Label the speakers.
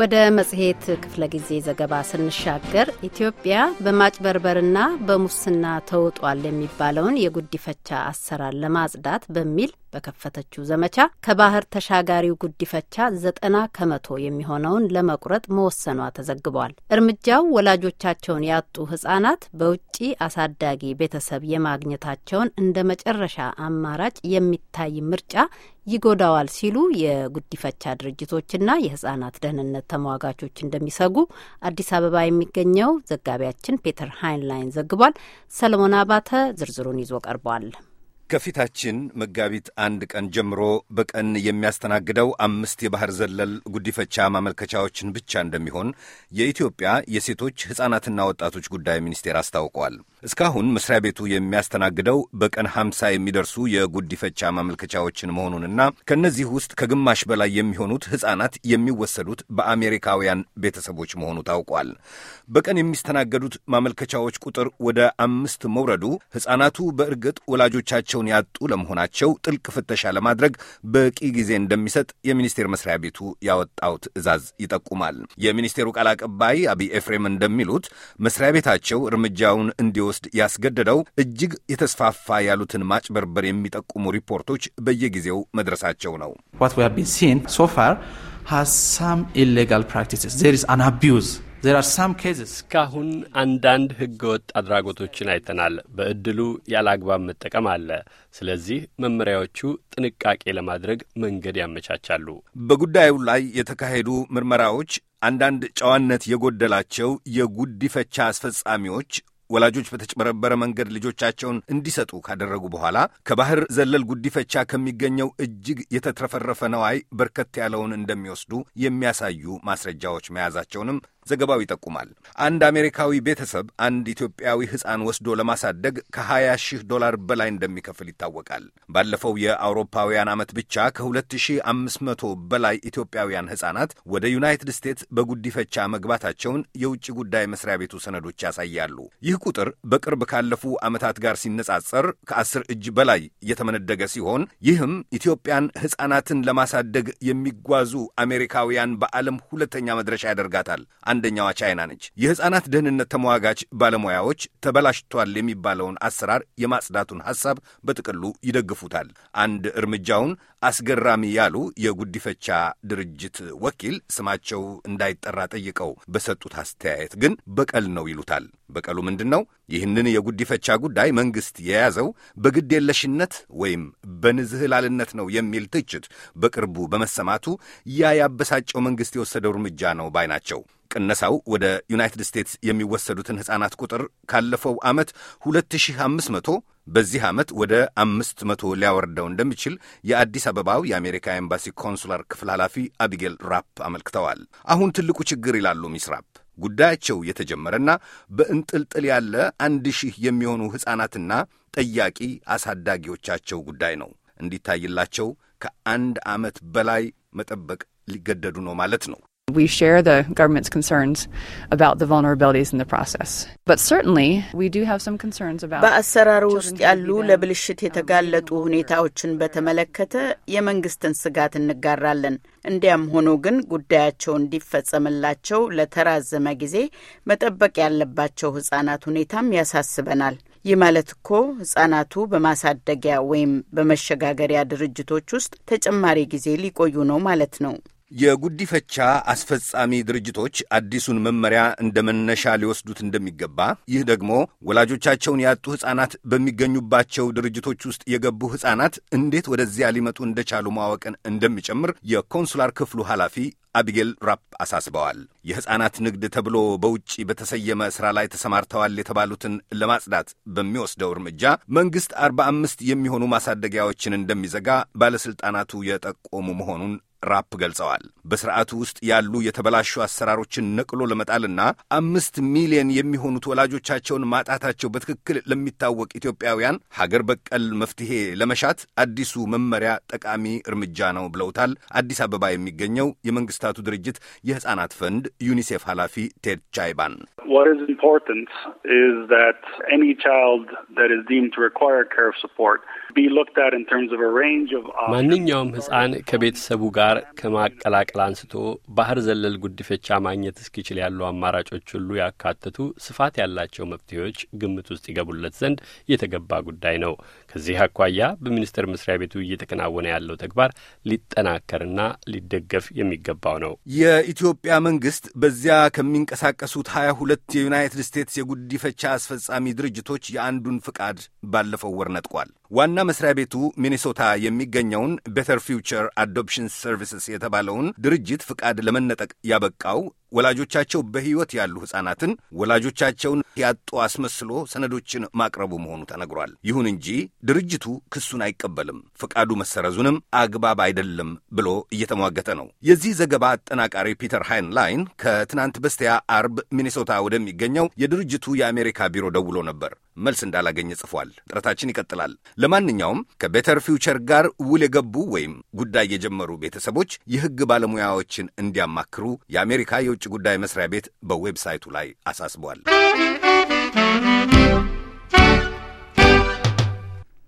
Speaker 1: ወደ መጽሔት ክፍለ ጊዜ ዘገባ ስንሻገር ኢትዮጵያ በማጭበርበርና በሙስና ተውጧል የሚባለውን የጉዲፈቻ አሰራር ለማጽዳት በሚል በከፈተችው ዘመቻ ከባህር ተሻጋሪው ጉዲፈቻ ዘጠና ከመቶ የሚሆነውን ለመቁረጥ መወሰኗ ተዘግቧል። እርምጃው ወላጆቻቸውን ያጡ ህጻናት በውጪ አሳዳጊ ቤተሰብ የማግኘታቸውን እንደ መጨረሻ አማራጭ የሚታይ ምርጫ ይጎዳዋል ሲሉ የጉዲፈቻ ድርጅቶችና የህጻናት ደህንነት ተሟጋቾች እንደሚሰጉ አዲስ አበባ የሚገኘው ዘጋቢያችን ፔተር ሃይንላይን ዘግቧል። ሰለሞን አባተ ዝርዝሩን ይዞ ቀርቧል። ከፊታችን መጋቢት አንድ ቀን ጀምሮ በቀን የሚያስተናግደው አምስት የባህር ዘለል ጉዲፈቻ ማመልከቻዎችን ብቻ እንደሚሆን የኢትዮጵያ የሴቶች ሕፃናትና ወጣቶች ጉዳይ ሚኒስቴር አስታውቋል። እስካሁን መስሪያ ቤቱ የሚያስተናግደው በቀን 50 የሚደርሱ የጉዲፈቻ ማመልከቻዎችን መሆኑንና ከእነዚህ ውስጥ ከግማሽ በላይ የሚሆኑት ሕፃናት የሚወሰዱት በአሜሪካውያን ቤተሰቦች መሆኑ ታውቋል። በቀን የሚስተናገዱት ማመልከቻዎች ቁጥር ወደ አምስት መውረዱ ሕፃናቱ በእርግጥ ወላጆቻቸውን ያጡ ለመሆናቸው ጥልቅ ፍተሻ ለማድረግ በቂ ጊዜ እንደሚሰጥ የሚኒስቴር መስሪያ ቤቱ ያወጣው ትዕዛዝ ይጠቁማል። የሚኒስቴሩ ቃል አቀባይ አብይ ኤፍሬም እንደሚሉት መስሪያ ቤታቸው እርምጃውን እንዲወ እንዲወስድ ያስገደደው እጅግ የተስፋፋ ያሉትን ማጭበርበር የሚጠቁሙ ሪፖርቶች በየጊዜው መድረሳቸው ነው። እስካሁን አንዳንድ ህገወጥ አድራጎቶችን አይተናል። በእድሉ ያለአግባብ መጠቀም አለ። ስለዚህ መመሪያዎቹ ጥንቃቄ ለማድረግ መንገድ ያመቻቻሉ። በጉዳዩ ላይ የተካሄዱ ምርመራዎች አንዳንድ ጨዋነት የጎደላቸው የጉዲፈቻ አስፈጻሚዎች ወላጆች በተጭበረበረ መንገድ ልጆቻቸውን እንዲሰጡ ካደረጉ በኋላ ከባህር ዘለል ጉዲፈቻ ከሚገኘው እጅግ የተትረፈረፈ ነዋይ በርከት ያለውን እንደሚወስዱ የሚያሳዩ ማስረጃዎች መያዛቸውንም ዘገባው ይጠቁማል። አንድ አሜሪካዊ ቤተሰብ አንድ ኢትዮጵያዊ ሕፃን ወስዶ ለማሳደግ ከ20 ሺህ ዶላር በላይ እንደሚከፍል ይታወቃል። ባለፈው የአውሮፓውያን ዓመት ብቻ ከ2500 በላይ ኢትዮጵያውያን ሕፃናት ወደ ዩናይትድ ስቴትስ በጉዲፈቻ መግባታቸውን የውጭ ጉዳይ መስሪያ ቤቱ ሰነዶች ያሳያሉ። ይህ ቁጥር በቅርብ ካለፉ ዓመታት ጋር ሲነጻጸር ከአስር እጅ በላይ የተመነደገ ሲሆን ይህም ኢትዮጵያን ሕፃናትን ለማሳደግ የሚጓዙ አሜሪካውያን በዓለም ሁለተኛ መድረሻ ያደርጋታል። አንደኛዋ ቻይና ነች። የሕፃናት ደህንነት ተሟጋች ባለሙያዎች ተበላሽቷል የሚባለውን አሰራር የማጽዳቱን ሐሳብ በጥቅሉ ይደግፉታል። አንድ እርምጃውን አስገራሚ ያሉ የጉዲፈቻ ድርጅት ወኪል ስማቸው እንዳይጠራ ጠይቀው በሰጡት አስተያየት ግን በቀል ነው ይሉታል። በቀሉ ምንድን ነው? ይህንን የጉዲፈቻ ጉዳይ መንግሥት የያዘው በግዴለሽነት ወይም በንዝህላልነት ነው የሚል ትችት በቅርቡ በመሰማቱ ያ ያበሳጨው መንግሥት የወሰደው እርምጃ ነው ባይ ናቸው። ቅነሳው ወደ ዩናይትድ ስቴትስ የሚወሰዱትን ሕፃናት ቁጥር ካለፈው ዓመት 2500 በዚህ ዓመት ወደ 500 መቶ ሊያወርደው እንደሚችል የአዲስ አበባው የአሜሪካ ኤምባሲ ኮንሱላር ክፍል ኃላፊ አቢጌል ራፕ አመልክተዋል። አሁን ትልቁ ችግር ይላሉ ሚስ ራፕ ጉዳያቸው የተጀመረና በእንጥልጥል ያለ አንድ ሺህ የሚሆኑ ሕፃናትና ጠያቂ አሳዳጊዎቻቸው ጉዳይ ነው። እንዲታይላቸው ከአንድ ዓመት በላይ መጠበቅ ሊገደዱ ነው ማለት ነው። We share the government's concerns about the vulnerabilities in the process. But certainly, we do have some concerns about በአሰራሩ ውስጥ ያሉ ለብልሽት የተጋለጡ ሁኔታዎችን በተመለከተ የመንግስትን ስጋት እንጋራለን። እንዲያም ሆኖ ግን ጉዳያቸው እንዲፈጸምላቸው ለተራዘመ ጊዜ መጠበቅ ያለባቸው ህጻናት ሁኔታም ያሳስበናል። ይህ ማለት እኮ ህጻናቱ በማሳደጊያ ወይም በመሸጋገሪያ ድርጅቶች ውስጥ ተጨማሪ ጊዜ ሊቆዩ ነው ማለት ነው። የጉዲፈቻ አስፈጻሚ ድርጅቶች አዲሱን መመሪያ እንደ መነሻ ሊወስዱት እንደሚገባ ይህ ደግሞ ወላጆቻቸውን ያጡ ሕፃናት በሚገኙባቸው ድርጅቶች ውስጥ የገቡ ሕፃናት እንዴት ወደዚያ ሊመጡ እንደቻሉ ማወቅን እንደሚጨምር የኮንሱላር ክፍሉ ኃላፊ አቢጌል ራፕ አሳስበዋል። የሕፃናት ንግድ ተብሎ በውጭ በተሰየመ ሥራ ላይ ተሰማርተዋል የተባሉትን ለማጽዳት በሚወስደው እርምጃ መንግሥት አርባ አምስት የሚሆኑ ማሳደጊያዎችን እንደሚዘጋ ባለሥልጣናቱ የጠቆሙ መሆኑን ራፕ ገልጸዋል። በስርዓቱ ውስጥ ያሉ የተበላሹ አሰራሮችን ነቅሎ ለመጣልና አምስት ሚሊየን የሚሆኑት ወላጆቻቸውን ማጣታቸው በትክክል ለሚታወቅ ኢትዮጵያውያን ሀገር በቀል መፍትሄ ለመሻት አዲሱ መመሪያ ጠቃሚ እርምጃ ነው ብለውታል። አዲስ አበባ የሚገኘው የመንግስታቱ ድርጅት የህጻናት ፈንድ ዩኒሴፍ ኃላፊ ቴድ ቻይባን ኢምፖርታንት ኒ important is that any ማንኛውም ሕፃን ከቤተሰቡ ጋር ከማቀላቀል አንስቶ ባህር ዘለል ጉድፈቻ ማግኘት እስኪችል ያሉ አማራጮች ሁሉ ያካተቱ ስፋት ያላቸው መፍትሄዎች ግምት ውስጥ ይገቡለት ዘንድ የተገባ ጉዳይ ነው። ከዚህ አኳያ በሚኒስቴር መስሪያ ቤቱ እየተከናወነ ያለው ተግባር ሊጠናከርና ሊደገፍ የሚገባው ነው። የኢትዮጵያ መንግስት በዚያ ከሚንቀሳቀሱት ሀያ ሁለት የዩናይትድ ስቴትስ የጉዲፈቻ አስፈጻሚ ድርጅቶች የአንዱን ፍቃድ ባለፈው ወር ነጥቋል። ዋና መስሪያ ቤቱ ሚኒሶታ የሚገኘውን ቤተር ፊውቸር አዶፕሽን ሰርቪስስ የተባለውን ድርጅት ፍቃድ ለመነጠቅ ያበቃው ወላጆቻቸው በሕይወት ያሉ ሕፃናትን ወላጆቻቸውን ያጡ አስመስሎ ሰነዶችን ማቅረቡ መሆኑ ተነግሯል። ይሁን እንጂ ድርጅቱ ክሱን አይቀበልም፣ ፍቃዱ መሰረዙንም አግባብ አይደለም ብሎ እየተሟገተ ነው። የዚህ ዘገባ አጠናቃሪ ፒተር ሃይንላይን ከትናንት በስቲያ አርብ ሚኒሶታ ወደሚገኘው የድርጅቱ የአሜሪካ ቢሮ ደውሎ ነበር። መልስ እንዳላገኘ ጽፏል። ጥረታችን ይቀጥላል። ለማንኛውም ከቤተር ፊውቸር ጋር ውል የገቡ ወይም ጉዳይ የጀመሩ ቤተሰቦች የሕግ ባለሙያዎችን እንዲያማክሩ የአሜሪካ የውጭ ጉዳይ መስሪያ ቤት በዌብሳይቱ ላይ አሳስቧል።